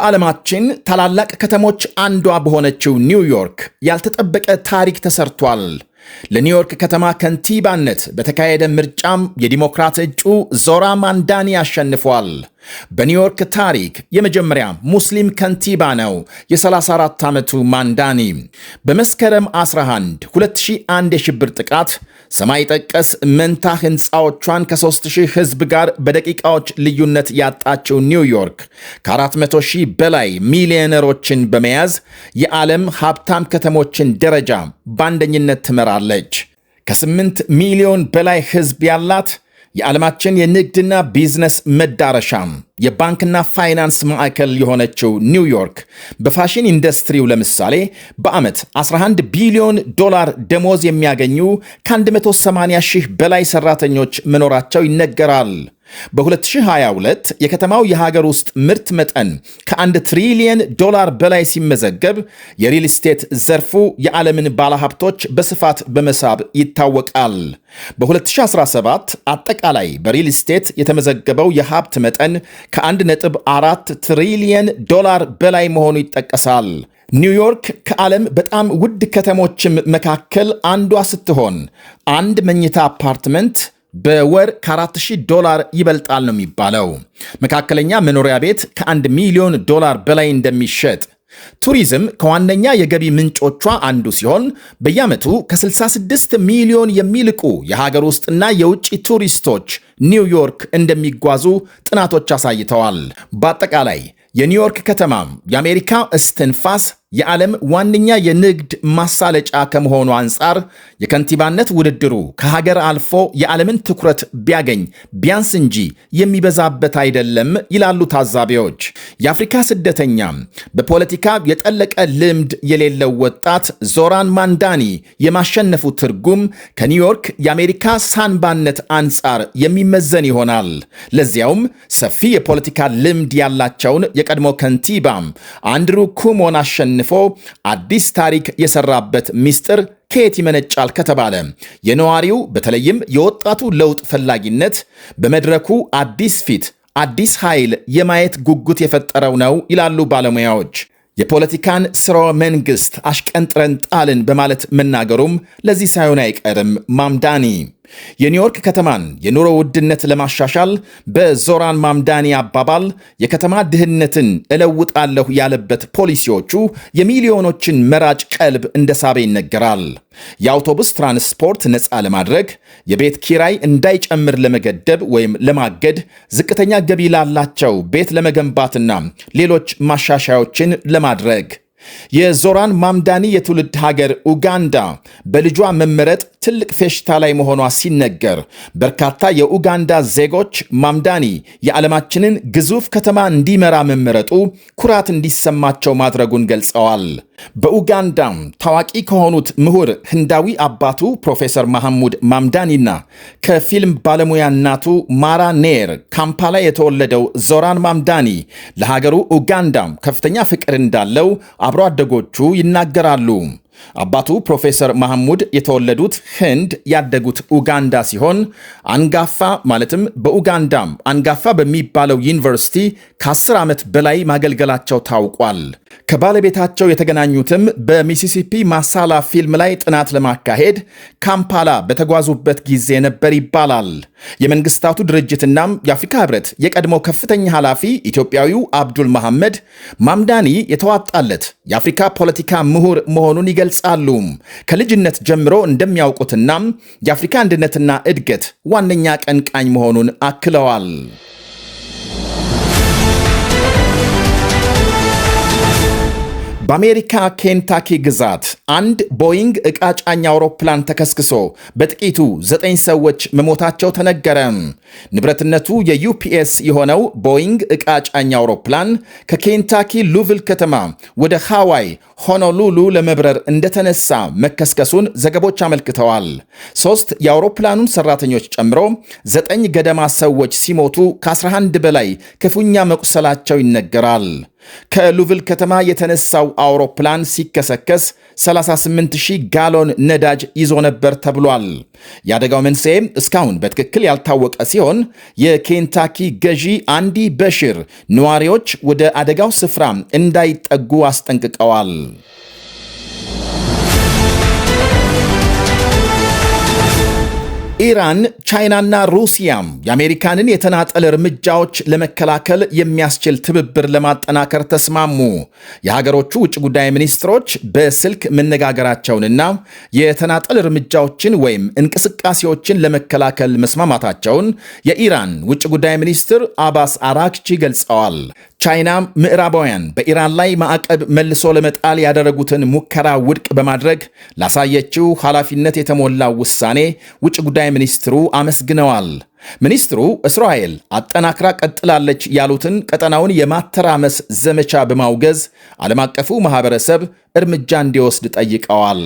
ከዓለማችን ታላላቅ ከተሞች አንዷ በሆነችው ኒውዮርክ ያልተጠበቀ ታሪክ ተሰርቷል። ለኒውዮርክ ከተማ ከንቲባነት በተካሄደ ምርጫም የዲሞክራት እጩ ዞራ ማንዳኒ አሸንፏል። በኒውዮርክ ታሪክ የመጀመሪያ ሙስሊም ከንቲባ ነው የ34 ዓመቱ ማንዳኒ። በመስከረም 11 2001 የሽብር ጥቃት ሰማይ ጠቀስ መንታ ህንፃዎቿን ከ3000 ህዝብ ጋር በደቂቃዎች ልዩነት ያጣችው ኒውዮርክ ከ400 ሺህ በላይ ሚሊዮነሮችን በመያዝ የዓለም ሀብታም ከተሞችን ደረጃ በአንደኝነት ትመራ ትሰራለች። ከስምንት ሚሊዮን በላይ ሕዝብ ያላት የዓለማችን የንግድና ቢዝነስ መዳረሻም የባንክና ፋይናንስ ማዕከል የሆነችው ኒውዮርክ በፋሽን ኢንዱስትሪው ለምሳሌ በዓመት 11 ቢሊዮን ዶላር ደሞዝ የሚያገኙ ከ180 ሺህ በላይ ሰራተኞች መኖራቸው ይነገራል። በ2022 የከተማው የሀገር ውስጥ ምርት መጠን ከአንድ ትሪሊየን ዶላር በላይ ሲመዘገብ የሪል ስቴት ዘርፉ የዓለምን ባለሀብቶች በስፋት በመሳብ ይታወቃል። በ2017 አጠቃላይ በሪል ስቴት የተመዘገበው የሀብት መጠን ከ1.4 ትሪሊየን ዶላር በላይ መሆኑ ይጠቀሳል። ኒውዮርክ ከዓለም በጣም ውድ ከተሞችም መካከል አንዷ ስትሆን አንድ መኝታ አፓርትመንት በወር ከ4000 ዶላር ይበልጣል ነው የሚባለው። መካከለኛ መኖሪያ ቤት ከ1 ሚሊዮን ዶላር በላይ እንደሚሸጥ ቱሪዝም ከዋነኛ የገቢ ምንጮቿ አንዱ ሲሆን በየዓመቱ ከ66 ሚሊዮን የሚልቁ የሀገር ውስጥና የውጭ ቱሪስቶች ኒውዮርክ እንደሚጓዙ ጥናቶች አሳይተዋል። በአጠቃላይ የኒውዮርክ ከተማም የአሜሪካ እስትንፋስ የዓለም ዋነኛ የንግድ ማሳለጫ ከመሆኑ አንጻር የከንቲባነት ውድድሩ ከሀገር አልፎ የዓለምን ትኩረት ቢያገኝ ቢያንስ እንጂ የሚበዛበት አይደለም ይላሉ ታዛቢዎች። የአፍሪካ ስደተኛ በፖለቲካ የጠለቀ ልምድ የሌለው ወጣት ዞራን ማንዳኒ የማሸነፉ ትርጉም ከኒውዮርክ የአሜሪካ ሳንባነት አንጻር የሚመዘን ይሆናል። ለዚያውም ሰፊ የፖለቲካ ልምድ ያላቸውን የቀድሞ ከንቲባ አንድሩ ኩሞን አሸንፎ አዲስ ታሪክ የሰራበት ምስጢር ከየት ይመነጫል ከተባለ የነዋሪው በተለይም የወጣቱ ለውጥ ፈላጊነት በመድረኩ አዲስ ፊት አዲስ ኃይል የማየት ጉጉት የፈጠረው ነው ይላሉ ባለሙያዎች። የፖለቲካን ስርወ መንግስት አሽቀንጥረን ጣልን በማለት መናገሩም ለዚህ ሳይሆን አይቀርም ማምዳኒ የኒውዮርክ ከተማን የኑሮ ውድነት ለማሻሻል በዞራን ማምዳኒ አባባል የከተማ ድህነትን እለውጣለሁ ያለበት ፖሊሲዎቹ የሚሊዮኖችን መራጭ ቀልብ እንደ ሳቤ ይነገራል። የአውቶቡስ ትራንስፖርት ነፃ ለማድረግ፣ የቤት ኪራይ እንዳይጨምር ለመገደብ ወይም ለማገድ፣ ዝቅተኛ ገቢ ላላቸው ቤት ለመገንባትና ሌሎች ማሻሻያዎችን ለማድረግ የዞራን ማምዳኒ የትውልድ ሀገር ኡጋንዳ በልጇ መመረጥ ትልቅ ፌሽታ ላይ መሆኗ ሲነገር በርካታ የኡጋንዳ ዜጎች ማምዳኒ የዓለማችንን ግዙፍ ከተማ እንዲመራ መመረጡ ኩራት እንዲሰማቸው ማድረጉን ገልጸዋል። በኡጋንዳም ታዋቂ ከሆኑት ምሁር ህንዳዊ አባቱ ፕሮፌሰር መሐሙድ ማምዳኒና ከፊልም ባለሙያ እናቱ ማራ ኔር ካምፓላ የተወለደው ዞራን ማምዳኒ ለሀገሩ ኡጋንዳም ከፍተኛ ፍቅር እንዳለው አብሮ አደጎቹ ይናገራሉ። አባቱ ፕሮፌሰር መሐሙድ የተወለዱት ህንድ ያደጉት ኡጋንዳ ሲሆን አንጋፋ ማለትም በኡጋንዳም አንጋፋ በሚባለው ዩኒቨርሲቲ ከ ዓመት በላይ ማገልገላቸው ታውቋል። ከባለቤታቸው የተገናኙትም በሚሲሲፒ ማሳላ ፊልም ላይ ጥናት ለማካሄድ ካምፓላ በተጓዙበት ጊዜ ነበር ይባላል። የመንግስታቱ ድርጅትናም የአፍሪካ ህብረት የቀድሞ ከፍተኛ ኃላፊ ኢትዮጵያዊው አብዱል መሐመድ ማምዳኒ የተዋጣለት የአፍሪካ ፖለቲካ ምሁር መሆኑን ይገል። ይገልጻሉ። ከልጅነት ጀምሮ እንደሚያውቁትና የአፍሪካ አንድነትና እድገት ዋነኛ ቀንቃኝ መሆኑን አክለዋል። በአሜሪካ ኬንታኪ ግዛት አንድ ቦይንግ ዕቃ ጫኝ አውሮፕላን ተከስክሶ በጥቂቱ ዘጠኝ ሰዎች መሞታቸው ተነገረ። ንብረትነቱ የዩፒኤስ የሆነው ቦይንግ ዕቃ ጫኝ አውሮፕላን ከኬንታኪ ሉቪል ከተማ ወደ ሃዋይ ሆኖሉሉ ለመብረር እንደተነሳ መከስከሱን ዘገቦች አመልክተዋል። ሦስት የአውሮፕላኑን ሠራተኞች ጨምሮ ዘጠኝ ገደማ ሰዎች ሲሞቱ ከ11 በላይ ክፉኛ መቁሰላቸው ይነገራል። ከሉቭል ከተማ የተነሳው አውሮፕላን ሲከሰከስ 38000 ጋሎን ነዳጅ ይዞ ነበር ተብሏል። የአደጋው መንስኤም እስካሁን በትክክል ያልታወቀ ሲሆን የኬንታኪ ገዢ አንዲ በሽር ነዋሪዎች ወደ አደጋው ስፍራ እንዳይጠጉ አስጠንቅቀዋል። ኢራን፣ ቻይናና ሩሲያም የአሜሪካንን የተናጠል እርምጃዎች ለመከላከል የሚያስችል ትብብር ለማጠናከር ተስማሙ። የሀገሮቹ ውጭ ጉዳይ ሚኒስትሮች በስልክ መነጋገራቸውንና የተናጠል እርምጃዎችን ወይም እንቅስቃሴዎችን ለመከላከል መስማማታቸውን የኢራን ውጭ ጉዳይ ሚኒስትር አባስ አራክቺ ገልጸዋል። ቻይና ምዕራባውያን በኢራን ላይ ማዕቀብ መልሶ ለመጣል ያደረጉትን ሙከራ ውድቅ በማድረግ ላሳየችው ኃላፊነት የተሞላው ውሳኔ ውጭ ጉዳይ ሚኒስትሩ አመስግነዋል። ሚኒስትሩ እስራኤል አጠናክራ ቀጥላለች ያሉትን ቀጠናውን የማተራመስ ዘመቻ በማውገዝ ዓለም አቀፉ ማኅበረሰብ እርምጃ እንዲወስድ ጠይቀዋል።